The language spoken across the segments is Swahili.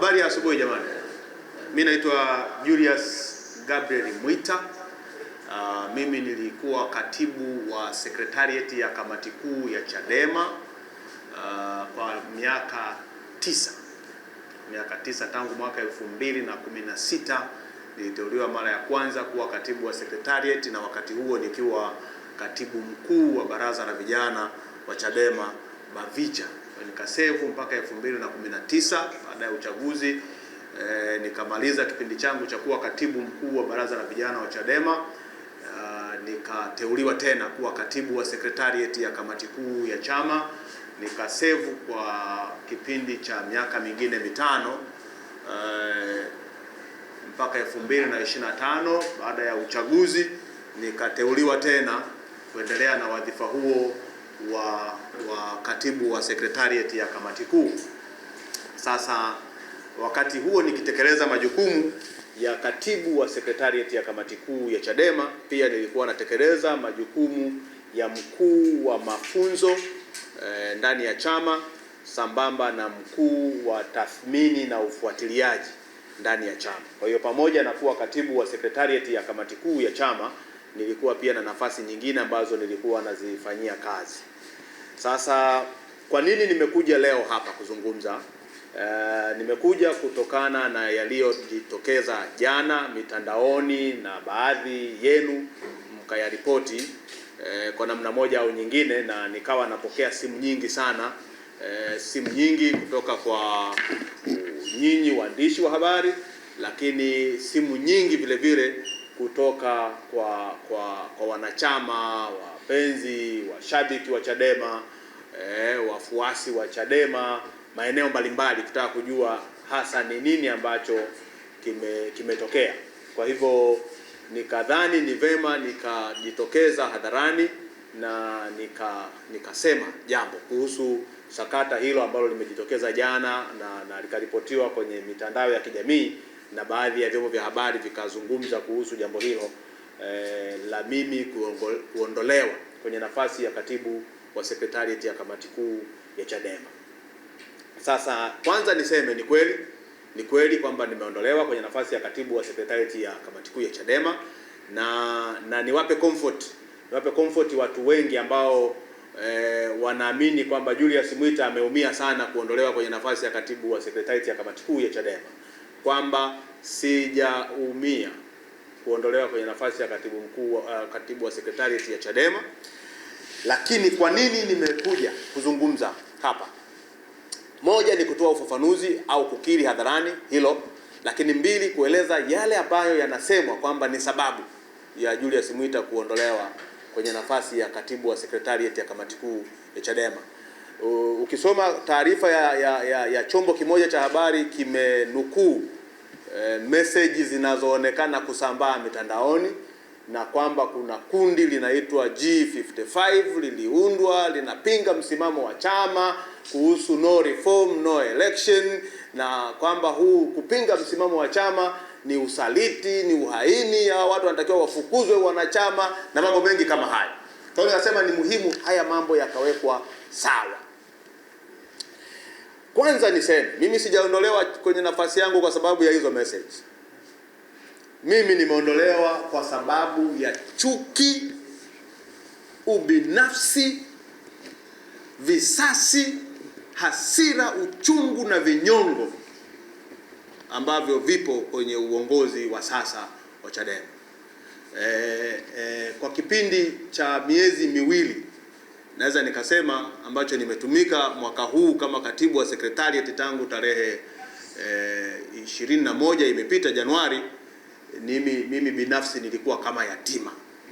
Habari ya asubuhi jamani, mi naitwa Julius Gabriel Mwita. Uh, mimi nilikuwa katibu wa secretariat ya kamati kuu ya Chadema uh, kwa miaka tisa, miaka tisa tangu mwaka elfu mbili na kumi na sita niliteuliwa mara ya kwanza kuwa katibu wa secretariat, na wakati huo nikiwa katibu mkuu wa baraza la vijana wa Chadema Mavija, nikasevu mpaka elfu mbili na kumi na tisa baada ya uchaguzi e, nikamaliza kipindi changu cha kuwa katibu mkuu wa baraza la vijana wa Chadema e, nikateuliwa tena kuwa katibu wa sekretarieti ya kamati kuu ya chama nikasevu kwa kipindi cha miaka mingine mitano e, mpaka elfu mbili na ishirini na tano baada ya uchaguzi nikateuliwa tena kuendelea na wadhifa huo wa wa katibu wa sekretariat ya kamati kuu. Sasa wakati huo nikitekeleza majukumu ya katibu wa sekretariat ya kamati kuu ya Chadema, pia nilikuwa natekeleza majukumu ya mkuu wa mafunzo e, ndani ya chama sambamba na mkuu wa tathmini na ufuatiliaji ndani ya chama. Kwa hiyo pamoja na kuwa katibu wa sekretariat ya kamati kuu ya chama, nilikuwa pia na nafasi nyingine ambazo nilikuwa nazifanyia kazi. Sasa kwa nini nimekuja leo hapa kuzungumza? Uh, nimekuja kutokana na yaliyojitokeza jana mitandaoni na baadhi yenu mkayaripoti eh, kwa namna moja au nyingine, na nikawa napokea simu nyingi sana eh, simu nyingi kutoka kwa nyinyi waandishi wa habari, lakini simu nyingi vile vile kutoka kwa kwa, kwa wanachama, wapenzi, washabiki wa Chadema eh, wafuasi wa Chadema maeneo mbalimbali kutaka kujua hasa ni nini ambacho kime kimetokea. Kwa hivyo nikadhani ni vema nikajitokeza hadharani na nika nikasema jambo kuhusu sakata hilo ambalo limejitokeza jana na, na likaripotiwa kwenye mitandao ya kijamii na baadhi ya vyombo vya habari vikazungumza kuhusu jambo hilo eh, la mimi kuondolewa kwenye nafasi ya katibu wa sekretarieti ya kamati kuu ya Chadema. Sasa kwanza niseme ni kweli, ni kweli kwamba nimeondolewa kwenye nafasi ya katibu wa sekretarieti ya kamati kuu ya Chadema na na niwape comfort, niwape comfort watu wengi ambao eh, wanaamini kwamba Julius Mwita ameumia sana kuondolewa kwenye nafasi ya katibu wa sekretarieti ya kamati kuu ya Chadema kwamba sijaumia kuondolewa kwenye nafasi ya katibu mkuu, uh, katibu wa sekretarieti ya Chadema. Lakini kwa nini nimekuja kuzungumza hapa? Moja ni kutoa ufafanuzi au kukiri hadharani hilo, lakini mbili, kueleza yale ambayo yanasemwa kwamba ni sababu ya Julius Mwita kuondolewa kwenye nafasi ya katibu wa sekretarieti ya kamati kuu ya Chadema. Ukisoma taarifa ya, ya, ya, ya chombo kimoja cha habari kimenukuu e, meseji zinazoonekana kusambaa mitandaoni na kwamba kuna kundi linaitwa G55 liliundwa linapinga msimamo wa chama kuhusu no reform, no election, na kwamba huu kupinga msimamo wa chama ni usaliti, ni uhaini, hawa watu wanatakiwa wafukuzwe wanachama na mambo mengi kama haya. Kwa hiyo nasema ni muhimu haya mambo yakawekwa sawa. Kwanza niseme mimi sijaondolewa kwenye nafasi yangu kwa sababu ya hizo message mimi nimeondolewa kwa sababu ya chuki, ubinafsi, visasi, hasira, uchungu na vinyongo ambavyo vipo kwenye uongozi wa sasa wa Chadema. E, e, kwa kipindi cha miezi miwili naweza nikasema ambacho nimetumika mwaka huu kama katibu wa sekretariati tangu tarehe e, 21 imepita Januari mimi, mimi binafsi nilikuwa kama yatima.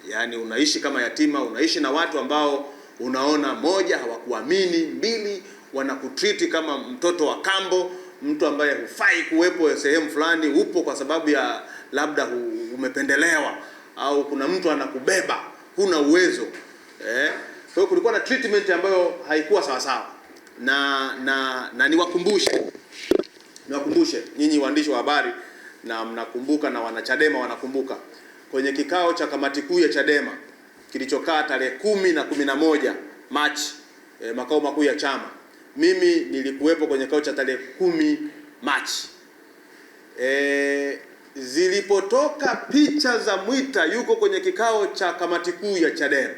Yaani unaishi kama yatima, unaishi na watu ambao unaona, moja hawakuamini, mbili wanakutriti kama mtoto wa kambo, mtu ambaye hufai kuwepo sehemu fulani. Upo kwa sababu ya labda umependelewa au kuna mtu anakubeba, huna uwezo eh? Kwa hiyo kulikuwa na treatment ambayo haikuwa sawa sawa, na na, na niwakumbushe niwakumbushe nyinyi waandishi wa habari na mnakumbuka na wanachadema wanakumbuka kwenye kikao cha kamati kuu ya Chadema kilichokaa tarehe kumi na kumi na moja Machi eh, makao makuu ya chama. Mimi nilikuwepo kwenye kikao cha tarehe kumi Machi eh, zilipotoka picha za Mwita yuko kwenye kikao cha kamati kuu ya Chadema,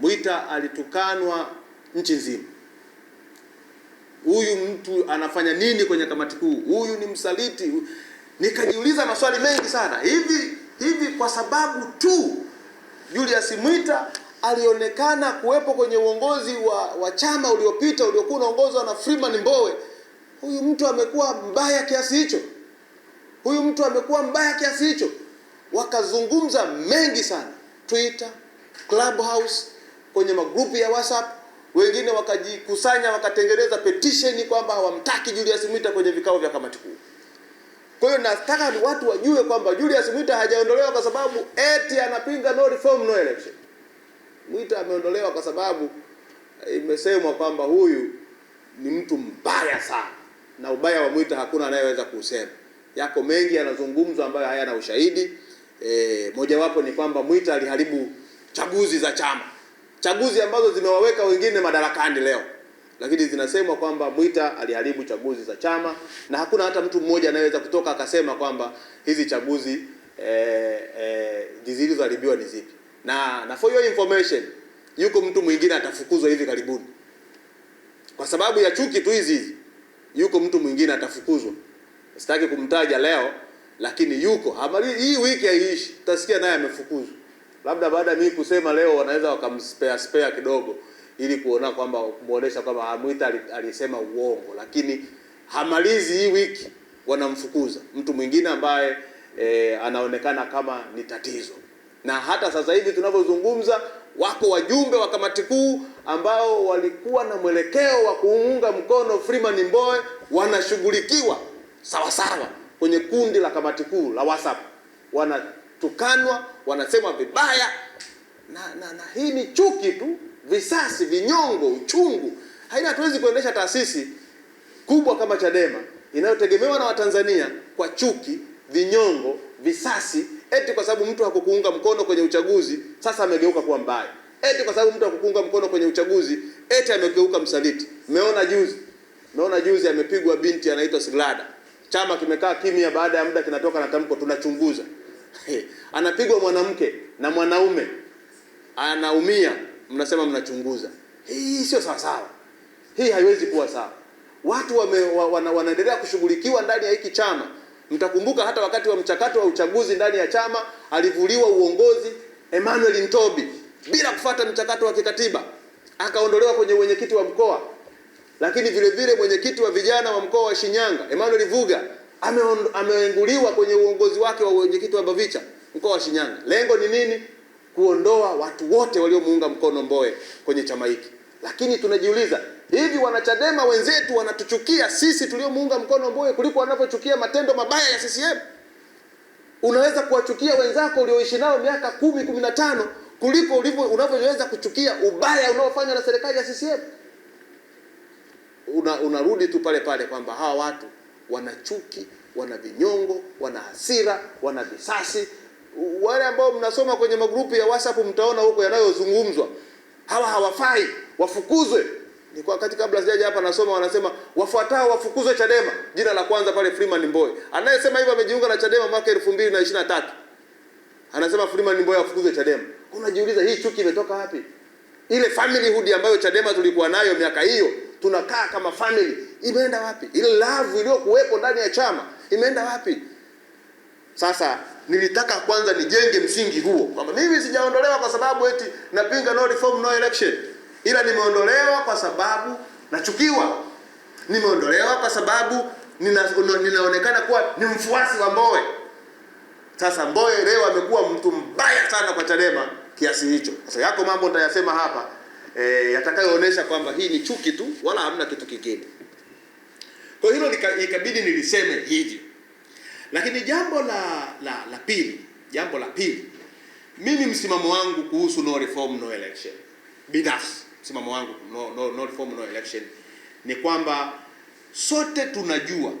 Mwita alitukanwa nchi nzima huyu mtu anafanya nini kwenye kamati kuu, huyu ni msaliti. Nikajiuliza maswali mengi sana, hivi hivi kwa sababu tu Julius Mwita alionekana kuwepo kwenye uongozi wa, wa chama uliopita uliokuwa unaongozwa na Freeman Mbowe, huyu mtu amekuwa mbaya kiasi hicho? Huyu mtu amekuwa mbaya kiasi hicho? Wakazungumza mengi sana Twitter, Clubhouse, kwenye magrupu ya WhatsApp wengine wakajikusanya wakatengeneza petition kwamba hawamtaki Julius Mwita kwenye vikao vya kamati kuu. Kwa hiyo nataka watu wajue kwamba Julius Mwita hajaondolewa kwa sababu eti anapinga no reform no election. Mwita ameondolewa kwa sababu eh, imesemwa kwamba huyu ni mtu mbaya sana, na ubaya wa Mwita hakuna anayeweza kuusema. Yako mengi yanazungumzwa ambayo hayana ushahidi. E, mojawapo ni kwamba Mwita aliharibu chaguzi za chama chaguzi ambazo zimewaweka wengine madarakani leo, lakini zinasemwa kwamba Mwita aliharibu chaguzi za chama, na hakuna hata mtu mmoja anayeweza kutoka akasema kwamba hizi chaguzi eh, eh, zilizoharibiwa ni zipi. Na, na for your information yuko mtu mwingine atafukuzwa hivi karibuni kwa sababu ya chuki tu hizi hizi. Yuko mtu mwingine atafukuzwa, sitaki kumtaja leo, lakini yuko hii wiki haiishi, utasikia naye amefukuzwa labda baada ya mimi kusema leo wanaweza wakamspea spea kidogo, ili kuona kwamba kumuonesha kwamba Hamwita alisema uongo, lakini hamalizi hii wiki wanamfukuza mtu mwingine ambaye e, anaonekana kama ni tatizo. Na hata sasa hivi tunavyozungumza, wako wajumbe wa kamati kuu ambao walikuwa na mwelekeo wa kuunga mkono Freeman Mbowe wanashughulikiwa sawasawa kwenye kundi la kamati kuu la WhatsApp wana wanatukanwa, wanasema vibaya na, na, na hii ni chuki tu, visasi, vinyongo, uchungu. Haina, hatuwezi kuendesha taasisi kubwa kama Chadema inayotegemewa na Watanzania kwa chuki, vinyongo, visasi, eti kwa sababu mtu hakukuunga mkono kwenye uchaguzi sasa amegeuka kuwa mbaya, eti kwa sababu mtu hakukuunga mkono kwenye uchaguzi eti amegeuka msaliti. meona juzi, meona juzi amepigwa binti anaitwa Siglada. Chama kimekaa kimya, baada ya muda kinatoka na tamko tunachunguza. Eh, anapigwa mwanamke na mwanaume anaumia, mnasema mnachunguza. Hii sio sawa sawa, hii haiwezi kuwa sawa. Watu wame, wana, wanaendelea kushughulikiwa ndani ya hiki chama. Mtakumbuka hata wakati wa mchakato wa uchaguzi ndani ya chama alivuliwa uongozi Emmanuel Ntobi bila kufata mchakato wa kikatiba, akaondolewa kwenye wenyekiti wa mkoa, lakini vile vile mwenyekiti wa vijana wa mkoa wa Shinyanga Emmanuel Vuga ameenguliwa kwenye uongozi wake wa uwenyekiti wa Bavicha mkoa wa Shinyanga. Lengo ni nini? Kuondoa watu wote waliomuunga mkono Mbowe kwenye chama hiki. Lakini tunajiuliza hivi, wanachadema wenzetu wanatuchukia sisi tuliomuunga mkono Mbowe kuliko wanavyochukia matendo mabaya ya CCM? Unaweza kuwachukia wenzako ulioishi nao miaka kumi, kumi na tano kuliko ulivyo unavyoweza kuchukia ubaya unaofanywa na serikali ya CCM. Una, unarudi tu pale pale kwamba hawa watu wana chuki, wana vinyongo, wana hasira, wana visasi. Wale ambao mnasoma kwenye magrupu ya WhatsApp mtaona huko yanayozungumzwa, hawa hawafai, wafukuzwe. Ni kwa wakati kabla sijaja hapa nasoma wanasema wafuatao wafukuzwe Chadema. Jina la kwanza pale Freeman Mbowe. Anayesema hivyo amejiunga na Chadema mwaka 2023. Anasema Freeman Mbowe afukuzwe Chadema. Unajiuliza hii chuki imetoka wapi? Ile family hood ambayo Chadema tulikuwa nayo miaka hiyo tunakaa kama family, imeenda wapi? Ile love iliyokuwepo ndani ya chama imeenda wapi? Sasa nilitaka kwanza nijenge msingi huo kwamba mimi sijaondolewa kwa sababu eti napinga no reform no election, ila nimeondolewa kwa sababu nachukiwa, nimeondolewa kwa sababu nina, ninaonekana kuwa ni mfuasi wa mboe Sasa mboe leo amekuwa mtu mbaya sana kwa Chadema kiasi hicho. Sasa yako mambo nitayasema hapa e, yatakayoonyesha kwamba hii ni chuki tu wala hamna kitu kingine. Kwa hilo ikabidi niliseme hivyo, lakini jambo la la la pili, jambo la pili, mimi msimamo wangu kuhusu no reform no election, binafsi msimamo wangu no, no, no reform no election ni kwamba sote tunajua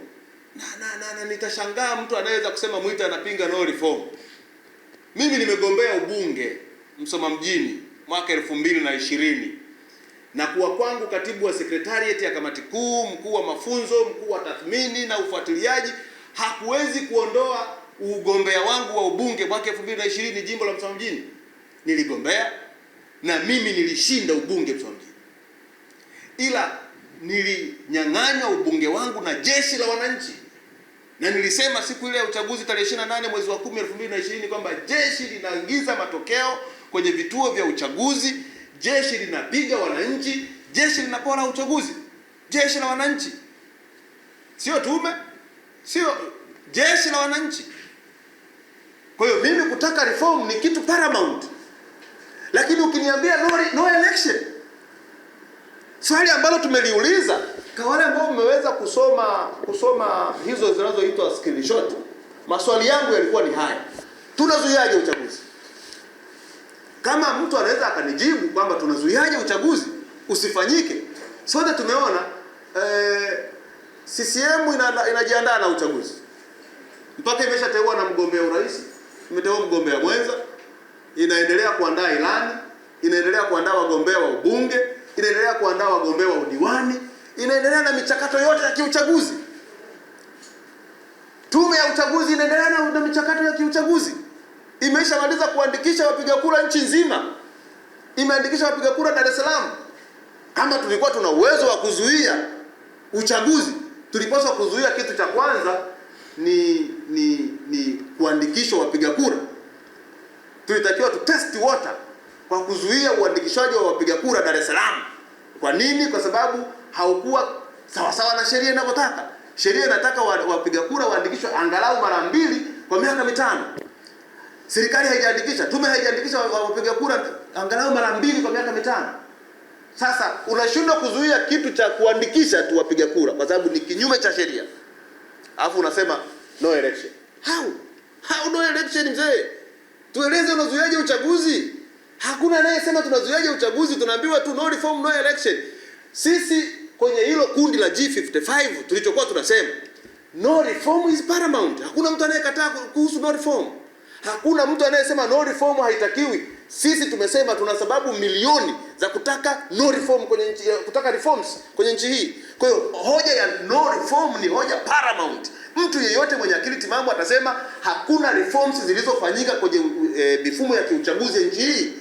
na, na, na, na nitashangaa mtu anaweza kusema Mwita anapinga no reform. Mimi nimegombea ubunge Msoma mjini mwaka elfu mbili na ishirini na kuwa kwangu katibu wa sekretarieti ya kamati kuu, mkuu wa mafunzo, mkuu wa tathmini na ufuatiliaji, hakuwezi kuondoa ugombea wangu wa ubunge mwaka 2020 jimbo la Msoma mjini. Niligombea na mimi nilishinda ubunge Msoma mjini, ila nilinyang'anywa ubunge wangu na jeshi la wananchi, na nilisema siku ile ya uchaguzi tarehe 28 mwezi wa 10 2020 kwamba jeshi linaingiza matokeo kwenye vituo vya uchaguzi, jeshi linapiga wananchi, jeshi linapora uchaguzi, jeshi la wananchi, sio tume, sio jeshi la wananchi. Kwa hiyo mimi kutaka reform ni kitu paramount, lakini ukiniambia no, no election, swali ambalo tumeliuliza kwa wale ambao mmeweza kusoma kusoma hizo zinazoitwa screenshot, maswali yangu yalikuwa ni haya, tunazuiaje kama mtu anaweza akanijibu kwamba tunazuiaje uchaguzi usifanyike? Sote tumeona eh, CCM inajiandaa na uchaguzi mpaka imeshateua na mgombea urais, imeteua mgombea mwenza, inaendelea kuandaa ilani, inaendelea kuandaa wagombea wa ubunge, inaendelea kuandaa wagombea wa udiwani, inaendelea na michakato yote ya kiuchaguzi. Tume ya uchaguzi inaendelea na michakato ya kiuchaguzi imeshamaliza kuandikisha wapiga kura nchi nzima, imeandikisha wapiga kura Dar es Salaam. Kama tulikuwa tuna uwezo wa kuzuia uchaguzi, tulipaswa kuzuia. Kitu cha kwanza ni ni ni kuandikishwa wapiga kura. Tulitakiwa tu test water kwa kuzuia uandikishaji wa wapiga kura Dar es Salaam. Kwa nini? Kwa sababu haukuwa sawasawa na sheria inavyotaka. Sheria inataka wapiga kura waandikishwe angalau mara mbili kwa miaka mitano serikali haijaandikisha, tume haijaandikisha wapiga kura angalau mara mbili kwa miaka mitano. Sasa unashindwa kuzuia kitu cha kuandikisha tu wapiga kura kwa sababu ni kinyume cha sheria, alafu unasema no election. How? How no election mzee? Tueleze unazuiaje uchaguzi? Hakuna anayesema tunazuiaje uchaguzi, tunaambiwa tu no reform no election. Sisi kwenye hilo kundi la G55 tulichokuwa tunasema no reform is paramount. Hakuna mtu anayekataa kuhusu no reform. Hakuna mtu anayesema no reform haitakiwi. Sisi tumesema tuna sababu milioni za kutaka no reform kwenye nchi, eh, kutaka reforms kwenye nchi hii. Kwa hiyo hoja ya no reform ni hoja paramount. Mtu yeyote mwenye akili timamu atasema hakuna reforms zilizofanyika kwenye e, mifumo ya kiuchaguzi nchi hii.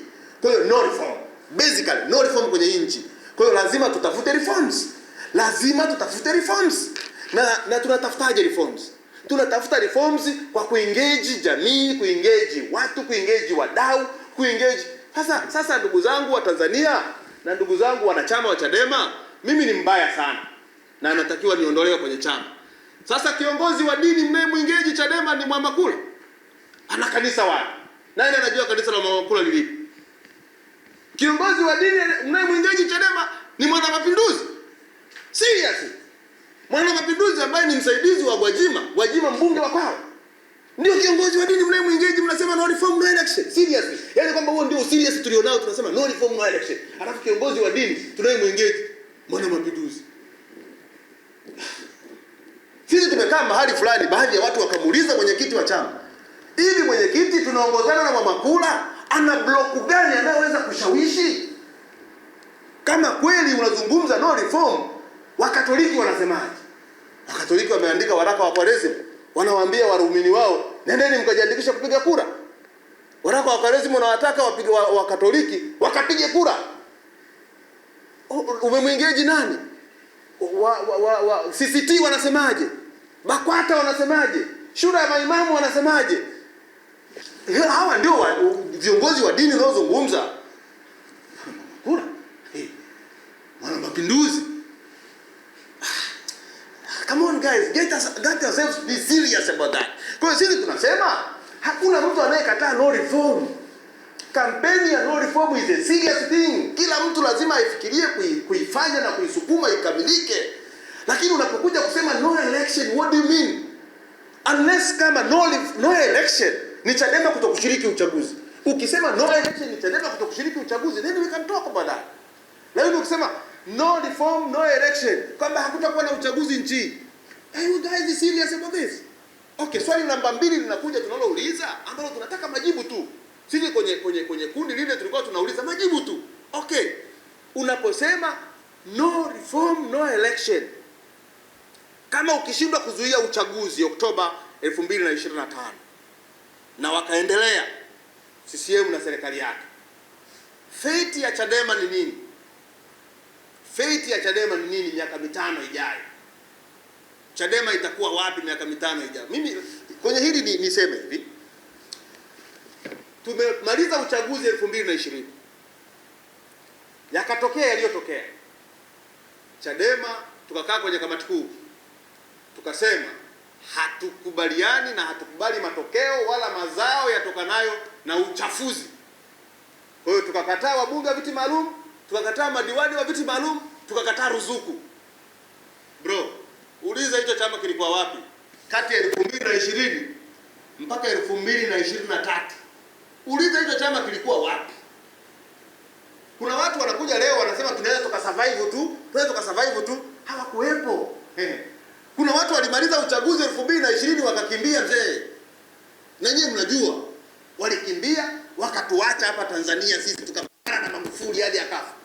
Kwa hiyo no reform. Basically no reform kwenye nchi. Kwa hiyo lazima tutafute reforms. Lazima tutafute reforms. Na na tunatafutaje reforms? tunatafuta reforms kwa kuengage jamii, kuengage watu, kuengage wadau, kuengage sasa. Sasa ndugu zangu wa Tanzania na ndugu zangu wanachama wa Chadema, mimi ni mbaya sana na natakiwa niondolewe kwenye chama. Sasa kiongozi wa dini mnayemwingeji Chadema ni Mwamakula, ana kanisa wapi? Nani anajua kanisa la Mwamakula lilipi? Kiongozi wa dini mnayemwingeji Chadema ni Mwanamapinduzi. Seriously. Mwana Mapinduzi ambaye ni msaidizi wa Gwajima, Gwajima mbunge wa kwao, ndio kiongozi wa dini mnaye mwingeji, mnasema no reform no election. Seriously, yaani kwamba huo ndio serious tulionao, tunasema no reform no election, alafu kiongozi wa dini tunaye mwingeji Mwana Mapinduzi. Sisi tumekaa mahali fulani, baadhi ya watu wakamuuliza mwenyekiti wa chama, hivi mwenyekiti, tunaongozana na Mwamakula, ana bloku gani anayeweza kushawishi? Kama kweli unazungumza no reform Wakatoliki wanasemaje? Wakatoliki wameandika waraka wa Kwaresima, wanawaambia waumini wao, nendeni mkajiandikisha kupiga kura. Waraka wa Kwaresima unawataka wapige Wakatoliki wakapige kura. Umemwingeji nani? Wa, wa, wa, wa, CCT wanasemaje? BAKWATA wanasemaje? Shura ya maimamu wanasemaje? Hawa ndio wa, viongozi wa dini wanaozungumza kura, hey, mwana mapinduzi Come on guys, get us, get ourselves be serious about that. Kwa hiyo sisi tunasema hakuna mtu anayekataa no reform. Kampeni ya no reform is a serious thing. Kila mtu lazima aifikirie kuifanya na kuisukuma ikamilike. Lakini unapokuja kusema no election, what do you mean? Unless kama no, no election ni Chadema kutokushiriki uchaguzi. Ukisema no election ni Chadema kutokushiriki uchaguzi, then we can talk about that. Lakini ukisema no reform, no election, kwamba hakutakuwa na uchaguzi nchi you guys serious about this? Okay, swali namba mbili linakuja tunalouliza ambalo tunataka majibu tu. Sisi kwenye kwenye kwenye kundi lile tulikuwa tunauliza majibu tu. Okay. Unaposema no reform no election. Kama ukishindwa kuzuia uchaguzi Oktoba 2025 na wakaendelea CCM na serikali yake. Feti ya Chadema ni nini? Feti ya Chadema ni nini miaka mitano ijayo? Chadema itakuwa wapi miaka mitano ijayo? Mimi kwenye hili ni, niseme hivi tumemaliza uchaguzi 2020 yakatokea yaliyotokea. Chadema tukakaa kwenye kamati kuu tukasema hatukubaliani na hatukubali matokeo wala mazao yatokanayo na uchafuzi. Kwa hiyo tukakataa wabunge wa viti maalum, tukakataa madiwani wa viti maalum, tukakataa ruzuku bro Uliza hicho chama kilikuwa wapi kati ya 2020 mpaka 2023. Uliza hicho chama kilikuwa wapi? Kuna watu wanakuja leo wanasema tunaweza survive tu, tunaweza survive tu, hawakuwepo. Eh. Kuna watu walimaliza uchaguzi 2020 wakakimbia mzee. nyinyi mnajua walikimbia wakatuacha hapa Tanzania sisi tukapana na Magufuli hadi akafa.